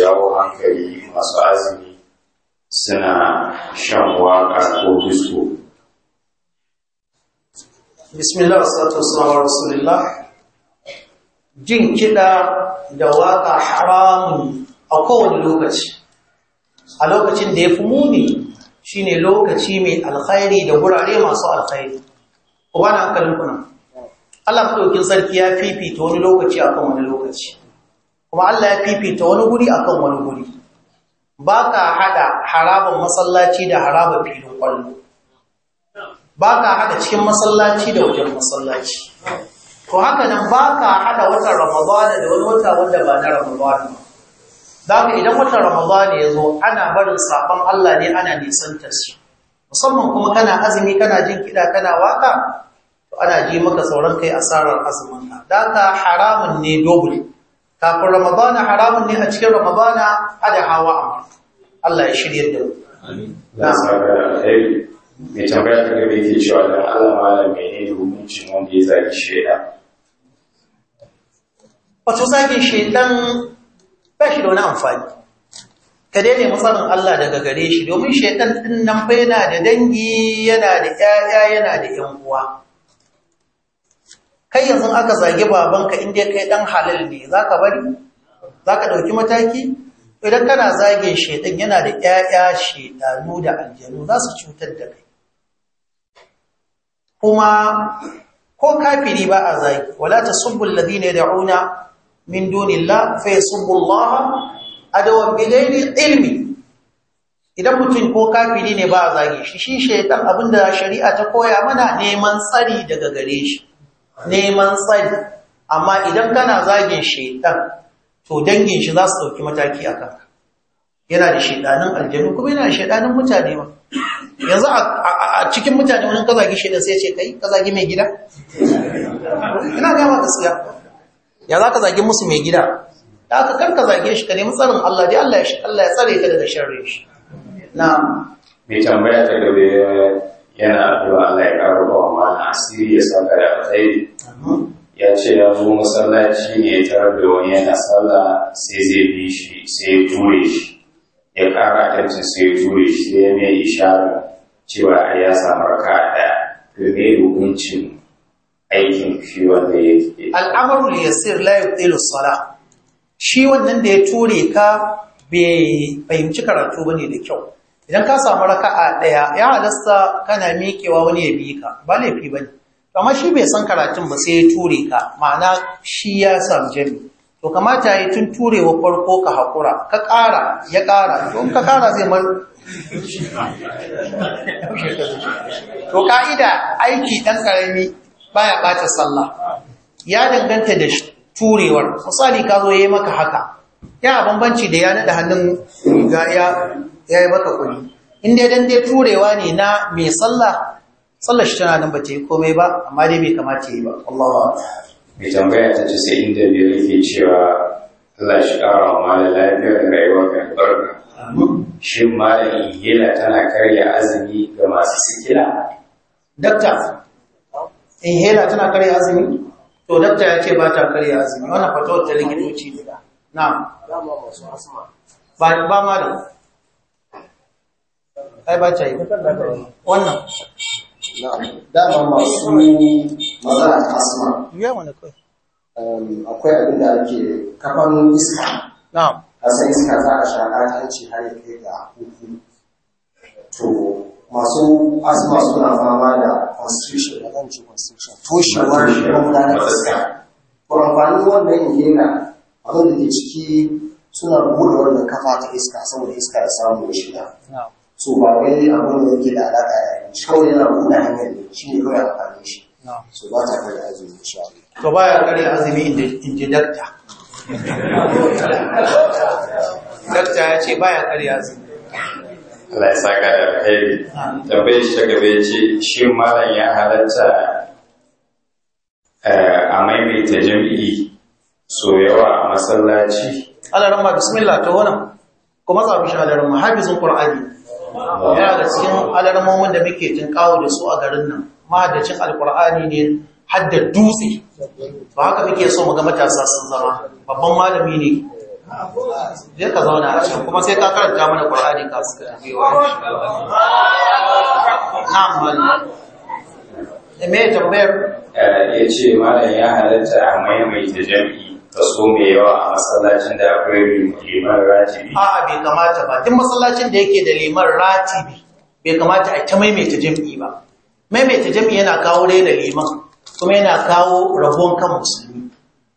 jawo hankali masu azumi suna shan waka ko disko bismillah wassalatu wassalamu rasulillah jin kiɗa da waka haramun a kowane lokaci a lokacin da ya fi muni shine lokaci mai alkhairi da gurare masu alkhairi ku na hankalin kuna Allah ɗaukin sarki ya fifita wani lokaci akan wani lokaci kuma Allah ya fifita wani guri a kan wani guri ba ka hada harabar masallaci da harabar filin kwallo ba ka hada cikin masallaci da wajen masallaci to haka nan ba ka hada watan ramadana da wani wata wanda ba na ramadana za ka idan watan ramadana ya zo ana barin sabon Allah ne ana nisanta shi musamman kuma kana azumi kana jin kiɗa kana waka to ana ji maka sauran kai asarar azumin ka da ka haramun ne dogon kafin ramadana haramun ne a cikin ramadana ada hawa amur Allah ya shirya da mai ta ke cewa don Allah ne hukuncin wanda ya wato zagin shaidan ba shi da wani amfani ka daina matsarin Allah daga gare shi domin shaidan din nan fa yana da dangi yana da ƴaƴa yana da 'yan uwa kai yanzu aka zage babanka inda kai ɗan halal ne za ka bari za ka ɗauki mataki idan kana zage shaidan yana da ƴaƴa shaidanu da aljanu za su cutar da kai kuma ko kafiri ba a zagi wala subbul ladina yad'una min dunillah fa yasubbu adawan bilayli ilmi idan mutum ko kafiri ne ba a zage shi shi shaidan abinda shari'a ta koya mana neman tsari daga gare shi neman tsari amma idan kana zagin shaitan to dangin shi za su dauki mataki a kanka yana da shaidanin aljanu kuma yana da shaidanin mutane ba yanzu a cikin mutane wani kazagi shaidan sai ce kai kazagi mai gida ina gama gaskiya ya za ka zagi musu mai gida da aka kan kazagi shi ka nemi tsarin Allah dai Allah ya tsare ta daga sharri shi na mai tambaya ta gabe yana addu'a Allah ya karo ma'ana mana asiri ya saka da yi. ya ce ya zo masallaci ne ya tarar da wani yana sallah sai zai bi shi sai ya ture shi ya kara tantin sai ya ture shi sai ya mai ishara cewa a ya samu raka ɗaya to hukuncin aikin shi wanda ya ke ya yasir la yubtilu sala shi wannan da ya ture ka bai fahimci karatu bane da kyau idan ka samu raka'a ɗaya ya halasta kana miƙewa wani ya bi ka ba laifi ba ne amma shi bai san karatun ba sai ya ture ka ma'ana shi ya samu jami to kamata ya yi tun turewa farko ka haƙura ka ƙara ya ƙara to ka ƙara zai mar to ka'ida aiki ɗan ƙarami baya ɓata sallah ya danganta da turewar misali ka zo ya yi maka haka ya bambanci da ya da hannun riga ya ya yi baka kuri in dai dan dai turewa ne na mai sallah sallar shi tana nan ba ta yi komai ba amma dai bai kamata yi ba Allah mai tambaya ta ce sai inda biyar yake cewa Allah shi ƙara wa da lafiyar da rayuwa ga shi shin malam inhela tana karya azumi ga masu sikila dakta inhela tana karya azumi to dakta ya ce ba ta karya azumi wannan fatawar ta likitoci ne na ba ma da ai ba ta yi wannan dama masu magana ta kasuwa ya wani kai akwai abin da ake kafan iska na'am kasan iska za a shaka ta hanci har ya kai ga huhu to masu asma suna fama da constitution da zan ci constitution toshewar gudanar iska ko amfani wannan yana abin da ke ciki suna buɗe wannan kafa ta iska saboda iska ya samu shiga su ba wai abin da yake da alaƙa da shi kawai yana buɗe hanyar ne shi ne kawai amfani shi su ba ta kare azumi insha Allah to baya kare azumi in ji dakta dakta ya ce baya kare azumi Allah ya saka da alheri tambayar shi ta gaba ya ce shi malam ya halatta eh, a maimaita jam'i so yawa a masallaci Allah rahma bismillah to wannan kuma zabi shi Allah kur'ani. hafizun qur'ani yana da cikin alarmomin da muke jin kawo da su a garin nan mahaddacin alkur'ani ne hadda dutse ba haka muke so mu ga matasa sun zama babban malami ne zai ka zauna a cikin kuma sai ka karanta mana kur'ani ka suka tafi wa na'amal da eh, tambayar eh, ya ce malam ya halatta maimaita jami'i kaso yawa a masallacin da akwai liman ratibi a'a bai kamata ba duk masallacin da yake da liman ratibi bai kamata a ta maimaita jam'i ba maimaita jam'i yana kawo dai da liman kuma yana kawo rabon kan musulmi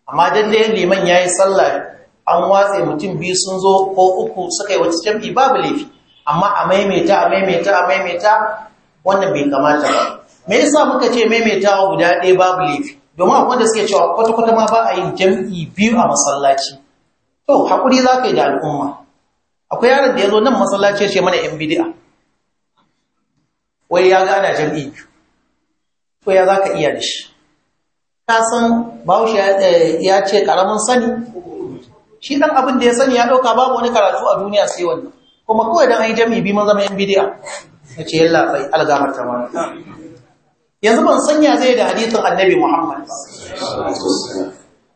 amma dan dai liman yayi sallah an watse mutum biyu sun zo ko uku suka yi wata jam'i babu laifi amma a maimaita a maimaita a maimaita wannan bai kamata ba me yasa muka ce maimaita guda ɗaya babu laifi domin akwai wanda suke cewa kwata-kwata ma ba a yi jam'i biyu a masallaci to haƙuri za ka yi da al'umma akwai yaron da ya zo nan masallaci ce mana yan bidiya wai ya gana jam'i biyu to ya za ka iya da shi ta san bahaushe eh, ya ce ƙaramin sani shi ɗan abin da ya sani ya ɗauka babu wani karatu a duniya sai wannan kuma kawai don an yi jam'i biyu mun zama yan bidi'a na ce yalla sai algamar ta yanzu ban sanya zai da hadithin annabi Muhammad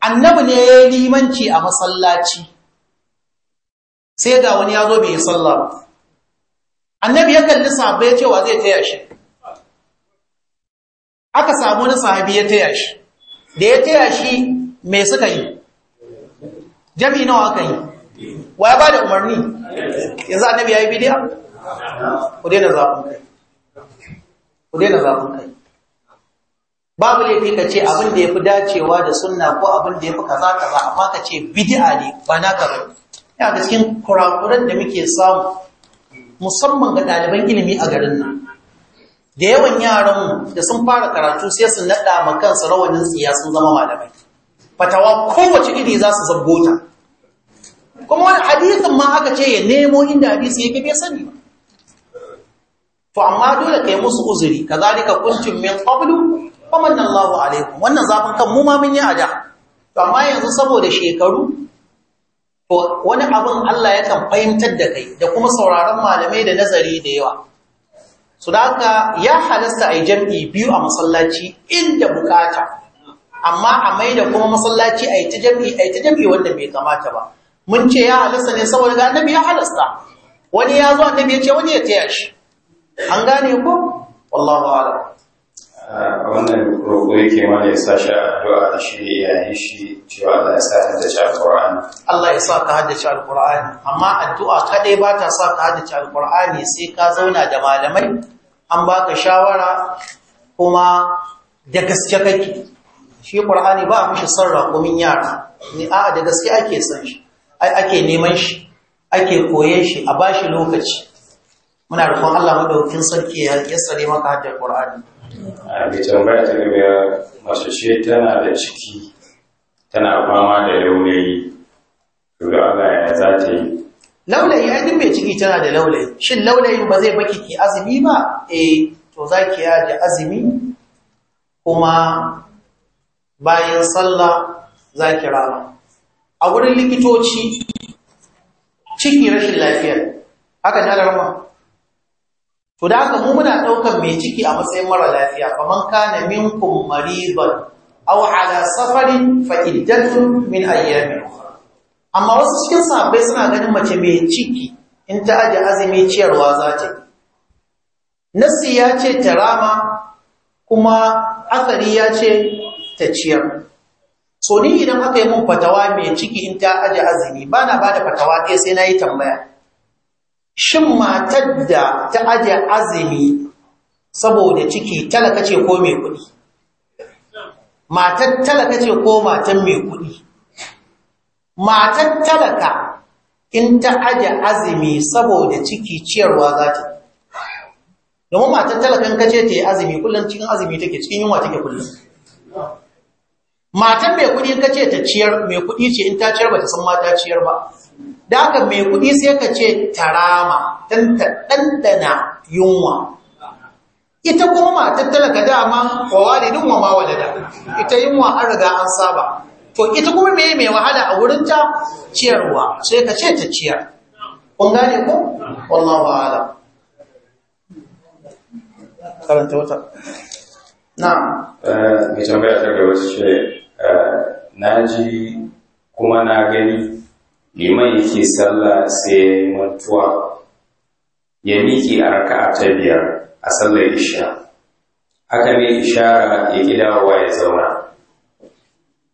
annabi ne ya yi limanci a masallaci sai ga wani ya zo bai yi sallah annabi ya kalli sahabbai ya cewa zai taya shi aka samu wani sahabi ya taya shi da ya taya shi me suka yi jami nawa aka yi wa ya ba da umarni yanzu annabi ya yi bidiya ku daina zafin kai ku daina zafin kai babu laifi ka ce abin da ya fi dacewa da sunna ko abin da ya fi kaza kaza amma ka ce bid'a ne ba na ka bane yana da cikin kurakuran da muke samu musamman ga ɗaliban ilimi a garin nan da yawan yaran da sun fara karatu sai su naɗa ma kansu rawanin tsiya sun zama malamai fatawa kowace iri za su zabbota kuma wani hadisin ma aka ce ya nemo inda hadisi yake bai sani ba to amma dole kai musu uzuri kazalika kuntum min qablu fa manna Allahu alaikum wannan zafin kan mu ma mun yi ada to amma yanzu saboda shekaru to wani abin Allah yakan fahimtar da kai da kuma sauraron malamai da nazari da yawa su da haka ya halasta a jam'i biyu a masallaci inda bukata amma a mai da kuma masallaci a yi ta jam'i a yi ta jam'i wanda bai kamata ba mun ce ya halasta ne saboda ga annabi ya halasta wani ya zo annabi ya ce wani ya taya shi an gane ko wallahu a'lam wannan roƙo yake mana ya sa shi addu'a da shi ne yayin shi cewa Allah ya sa ta haddace alƙur'ani Allah ya sa ka haddace alƙur'ani amma addu'a kadai ba ta sa ka haddace alƙur'ani sai ka zauna da malamai an baka shawara kuma da gaske kake shi ƙur'ani ba a mishi son raƙumin yara ni a'a da gaske ake san shi ake neman shi ake koyen shi a bashi lokaci muna roƙon Allah madaukin sarki ya sare maka haddar ƙur'ani Abi tambaya ta masu ce tana da ciki tana fama da laulayi to da za ta yi laulayi ya duk mai ciki tana da laulayi shin laulayin ba zai baki ki azumi ba eh to za ki ya da azumi kuma bayan sallah za ki rama a wurin likitoci ciki rashin lafiyar haka ne alarma to da haka mu muna ɗaukar mai ciki a matsayin mara lafiya kaman kana minkum maridan aw ala safarin fa min ayyamin amma wasu cikin sahabbai suna ganin mace mai ciki in ta aje azumi ciyarwa za ta yi nasi ya ce ta rama kuma Asari ya ce ta ciyar so ni idan aka yi mun fatawa mai ciki in ta aje azumi ba na ba da fatawa ɗaya sai na yi tambaya shin matar da ta aje azumi saboda ciki talaka ce ko mai kuɗi matar talaka ce ko matan mai kuɗi matar talaka in ta aje azumi saboda ciki ciyarwa za ta domin matar talakan kace ta yi azumi kullum cikin azumi take cikin yunwa take kullum matan mai kuɗi kace ta ciyar mai kuɗi ce in ta ciyar ba ta san mata ciyar ba da aka mai kuɗi sai ka ce tarama dana yunwa ita kuma matar talaka dama wa walidin wa ma walada ita yunwa an riga an saba to ita kuma me mai wahala a wurin ta ciyarwa sai ka ce ta ciyar kun gane ko wallahu a'lam karanta wata na eh mai tambaya ta gaba ce eh, na ji kuma na gani liman yake sallah sai mutuwa. ya miki a raka'a ta biyar a sallar isha haka ne ishara ya gidawa ya zauna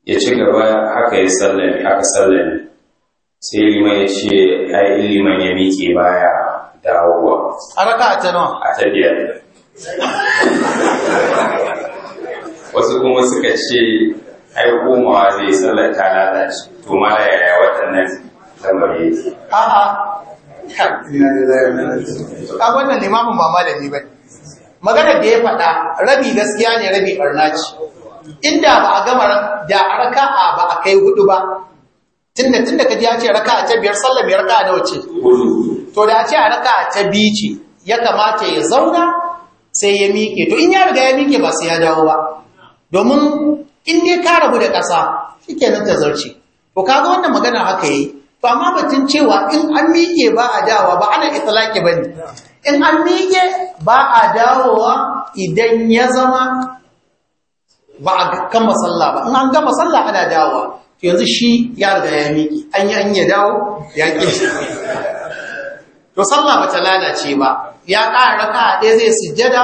ya ci gaba haka ya sallami haka sallami sai liman ya ce ai liman ya miki baya dawowa a raka'a ta nawa a ta biyar wasu kuma suka ce ai komawa zai sallar ta lalace to mara yaya nan. samari wannan limamin magana da ya faɗa rabi gaskiya ne rabi ɓarna ce inda ba a gama da a a ba a kai hudu ba tunda tunda kaji ya ce a ta biyar sallah mai raka nawa ce to da a ce a a ta biyu ce ya kamata ya zauna sai ya miƙe to in ya riga ya miƙe ba sai ya dawo ba domin in ne ka rabu da ƙasa nan ta zarce to ga wannan magana haka yi ba ma batun cewa in an miƙe ba a dawa ba ana italaki ba ne in an miƙe ba a dawowa idan ya zama ba a kan masalla ba in an gama masalla ana dawowa to yanzu shi ya riga ya miƙe an yi an ya dawo ya ƙi to sallah ba ta lalace ba ya ƙara raka a ɗaya zai sujjada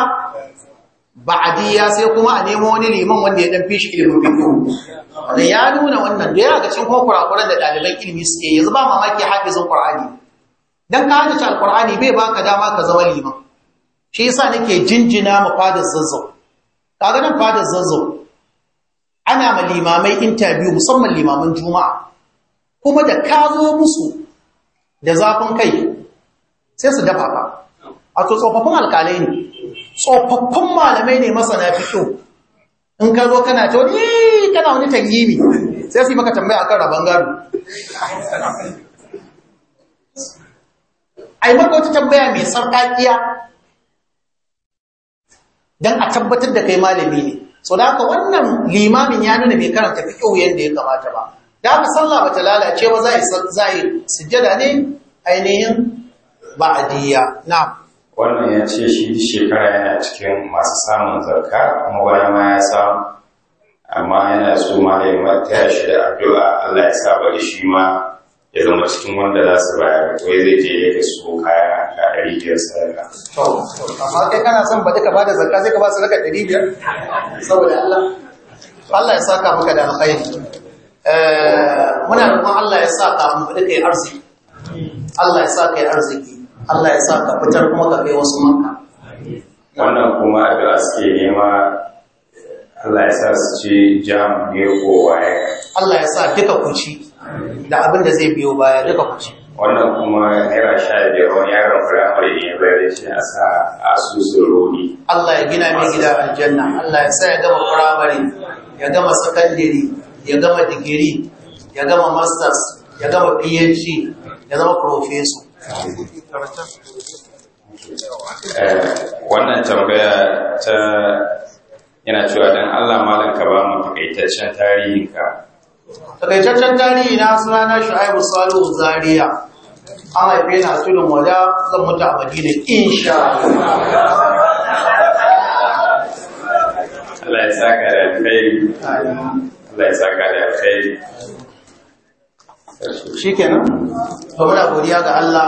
ba'adiyya sai kuma a nemo wani liman wanda ya dan fishi ilimin fiqh wanda ya nuna wannan da yawa ga cikin ko kurakuran da daliban ilimi suke yanzu ba mamaki hafizin qur'ani dan ka hada alqur'ani bai baka dama ka zama liman shi yasa nake jinjina ma fadar zazzau kaga nan fadar zazzau ana ma limamai interview musamman limaman juma'a kuma da ka zo musu da zafin kai sai su dafa ka a to tsofaffin alkalai ne tsofaffin malamai ne masana fiƙo in ka zo kana ta wani kana wani tangimi sai su yi maka tambaya akan rabon gado a yi maka wata tambaya mai sarkakiya don a tabbatar da kai malami ne so da haka wannan limamin ya nuna bai karanta kyau yadda ya kamata ba da haka sallah ba ta lalace ba za a yi sujjada ne ainihin ba'adiyya na'am wannan ya ce shi shekara yana cikin masu samun zarka kuma wani ma ya samu amma yana so malayin taya shi da addu'a Allah ya sa bari shi ma ya zama cikin wanda za su bayar wai zai je ya su kaya ga ɗari biyar sadaka. amma kai kana son baɗi ka bada zarka sai ka ba raka ɗari biyar saboda Allah Allah ya saka maka da alkhairi eh, muna roƙon Allah ya saka mu baɗi kai arziki Allah ya saka yi arziki Allah ya sa ka fitar kuma ka kai wasu maka wannan kuma addu'a suke nema Allah ya sa su ci jam ne ko waye Allah ya sa duka ku ci da abin da zai biyo baya duka ku ci wannan kuma naira sha biyar wani yaron firamare ne bayar da shi a sa a asusun roni Allah ya gina mai gida aljanna Allah ya sa ya gama firamare ya gama sakandare ya gama digiri ya gama masters ya gama phd ya zama professor Eh, wannan tambaya ta yana cewa don Allah malin ka ba mu takaitaccen tarihinka takaitaccen tarihi na na Shu'aibu Salihu Zaria an haife na tudun wada zan mutu a Madina insha Allah ya saka da alkhairi Allah ya saka da alkhairi shikenan ba muna godiya ga Allah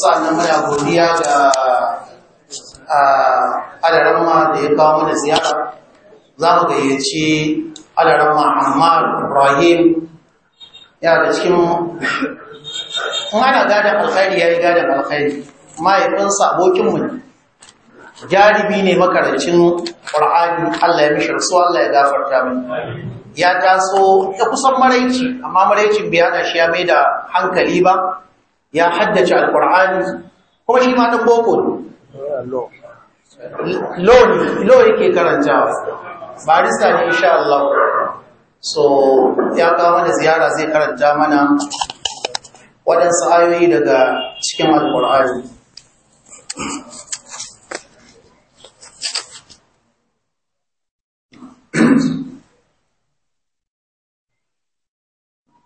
sannan muna godiya ga adarama da ya kawo mana ziyara za mu gayyaci adarama Ammar Ibrahim ya da cikin in ana gada alkhairi ya yi gada alkhairi mahaifinsa abokinmu ne jaribi ne makarancin ƙwar'ani Allah ya mishi su Allah ya gafarta mai ya taso ya kusan maraici amma maraicin bai hana shi ya mai da hankali ba ya haddace alkur'ani kuma shi ma ɗan boko lo yake ba, barista ne insha Allah so ya kawo mana ziyara zai karanta mana waɗansu ayoyi daga cikin alkur'ani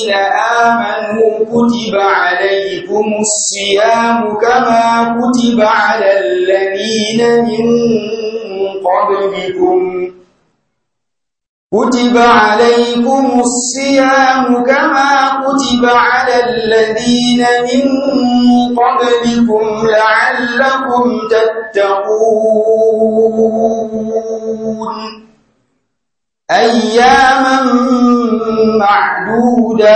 الذين آمنوا كتب عليكم الصيام كما كتب على الذين من قبلكم كتب عليكم الصيام كما كتب على الذين من قبلكم لعلكم تتقون أياما معدودات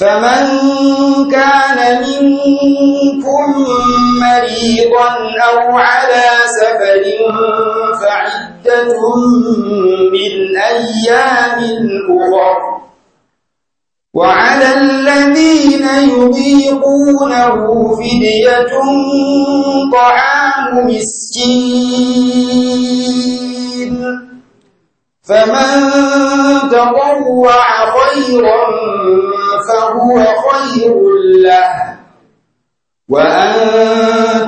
فمن كان منكم مريضا أو على سفر فعدة من أيام أخر وعلى الذين يضيقونه فدية طعام مسكين فمن تطوع خيرا فهو خير له وأن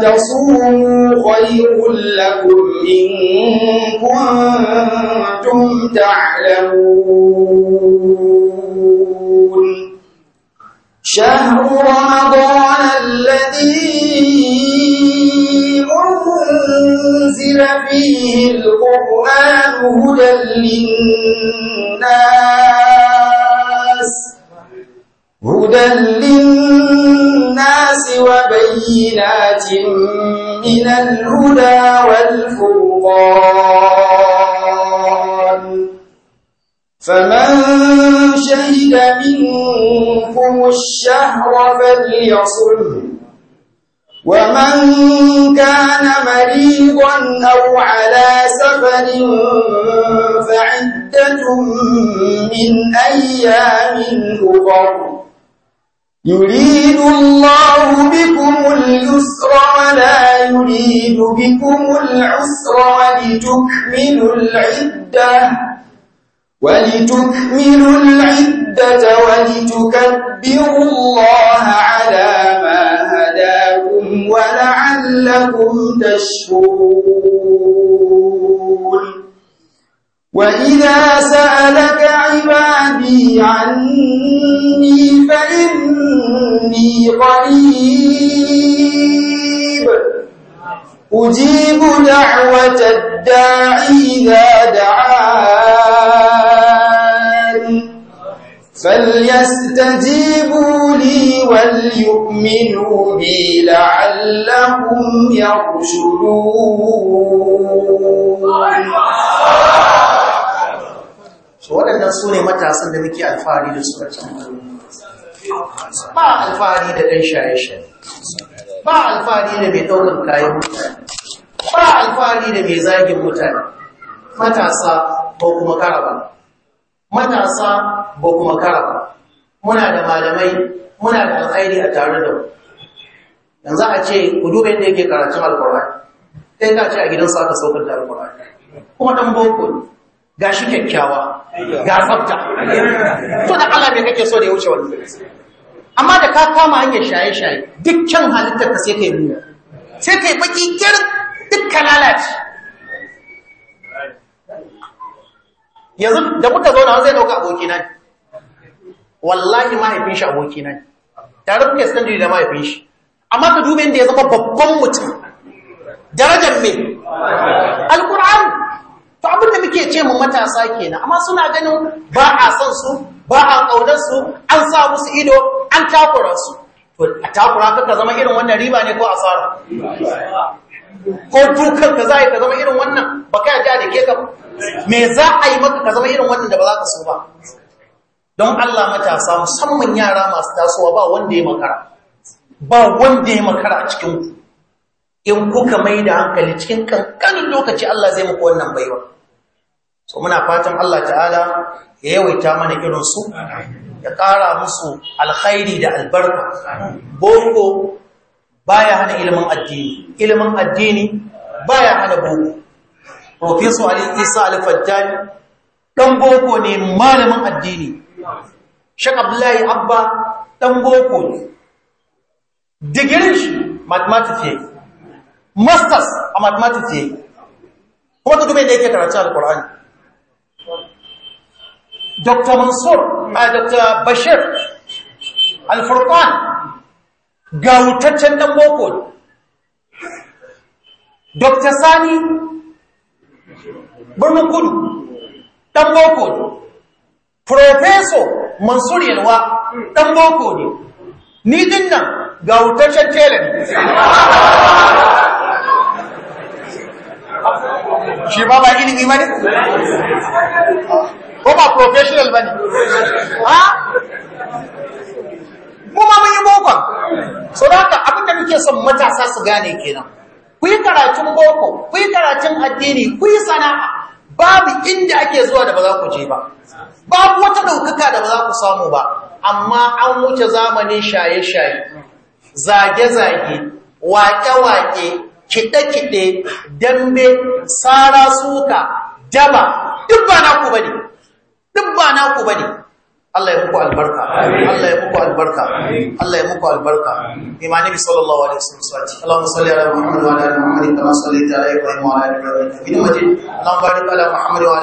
تصوموا خير لكم إن كنتم تعلمون شهر رمضان الذي أنزل فيه القرآن هدى للناس هدى للناس وبينات من الهدى والفرقان فمن شهد منكم الشهر فليصله ومن كان مريضا أو على سفر فعدة من أيام أخر يريد الله بكم اليسر ولا يريد بكم العسر ولتكملوا العدة ولتكملوا العدة ولتكبروا الله على ولعلكم تشكرون وإذا سألك عبادي عني فإني قريب أجيب دعوة الداعي إذا دعاني فليستجيبوا لي وليؤمنوا بي لعلهم يرشدون so waɗannan su ne matasan da muke alfahari da su karci ba alfahari da ɗan shaye-shaye ba alfahari da mai ɗaukar kayan mutane ba alfahari da mai zagin mutane matasa ko kuma karaba matasa ba kuma kara muna da malamai muna da alkhairi a tare da mu yanzu a ce ku duba yadda yake karatu alkur'ani sai ka ce a gidan sa ka saukar da alkur'ani kuma dan boko ne ga shi kyakkyawa ga tsafta to da Allah me kake so da ya wuce wannan amma da ka kama hanyar shaye-shaye dukkan halittar ka sai kai nuna sai kai baki kyar duk lalace yanzu da muka zauna zai dauka abokina ne wallahi mahaifin shi abokina ne tare san secondary da mahaifin shi amma ka dube inda ya zama babban mutum darajar me alkur'an to abin da muke ce mu matasa kenan amma suna ganin ba a san su ba a kaudar su an sa musu ido an takura su to a takura ka zama irin wannan riba ne ko asara ko dukan ka za a yi ka zama irin wannan ba ka yarda da ke ka me za a yi maka ka zama irin wannan da ba za ka so ba don Allah matasa musamman yara masu tasowa ba wanda ya makara ba wanda ya makara a cikin ku in kuka mai da hankali cikin kankanin lokaci Allah zai muku wannan baiwa so muna fatan Allah ta'ala ya yawaita mana irin su ya ƙara musu alkhairi da albarka boko baya hana ilimin addini ilimin addini baya hana boko professor ali isa al-fajjani dan boko ne malamin addini shek abdullahi abba dan boko ne digirin shi mathematics yayi masters a mathematics yayi kuma ka dube da yake karatu al-qur'ani dr mansur a dr bashir al-furqan wutaccen dan boko Dr. Sani birnin kudu ɗan boko ne Profeso Mansur Yalwa ɗan boko ne ni din nan ga wutaccen tela ne shi ba ba ilimi ba ne? ko ba professional ba ne? ha? so da haka abin da muke son matasa su gane kenan ku yi karatun boko ku yi karatun addini ku yi sana'a babu inda ake zuwa da ba za ku je ba babu wata ɗaukaka da ba za ku samu ba amma an wuce zamanin shaye-shaye zage-zage waƙe-waƙe kiɗe-kiɗe dambe sara suka daba duk ba naku bane duk ba naku bane Allah ya muku albarka Allah ya muku albarka Allah ya muku albarka imani bi sallallahu alaihi wasallam swati Allahumma salli ala Muhammad wa ala ali Muhammad kama sallaita ala Ibrahim wa ala ali Ibrahim fil majid Allahumma barik ala Muhammad wa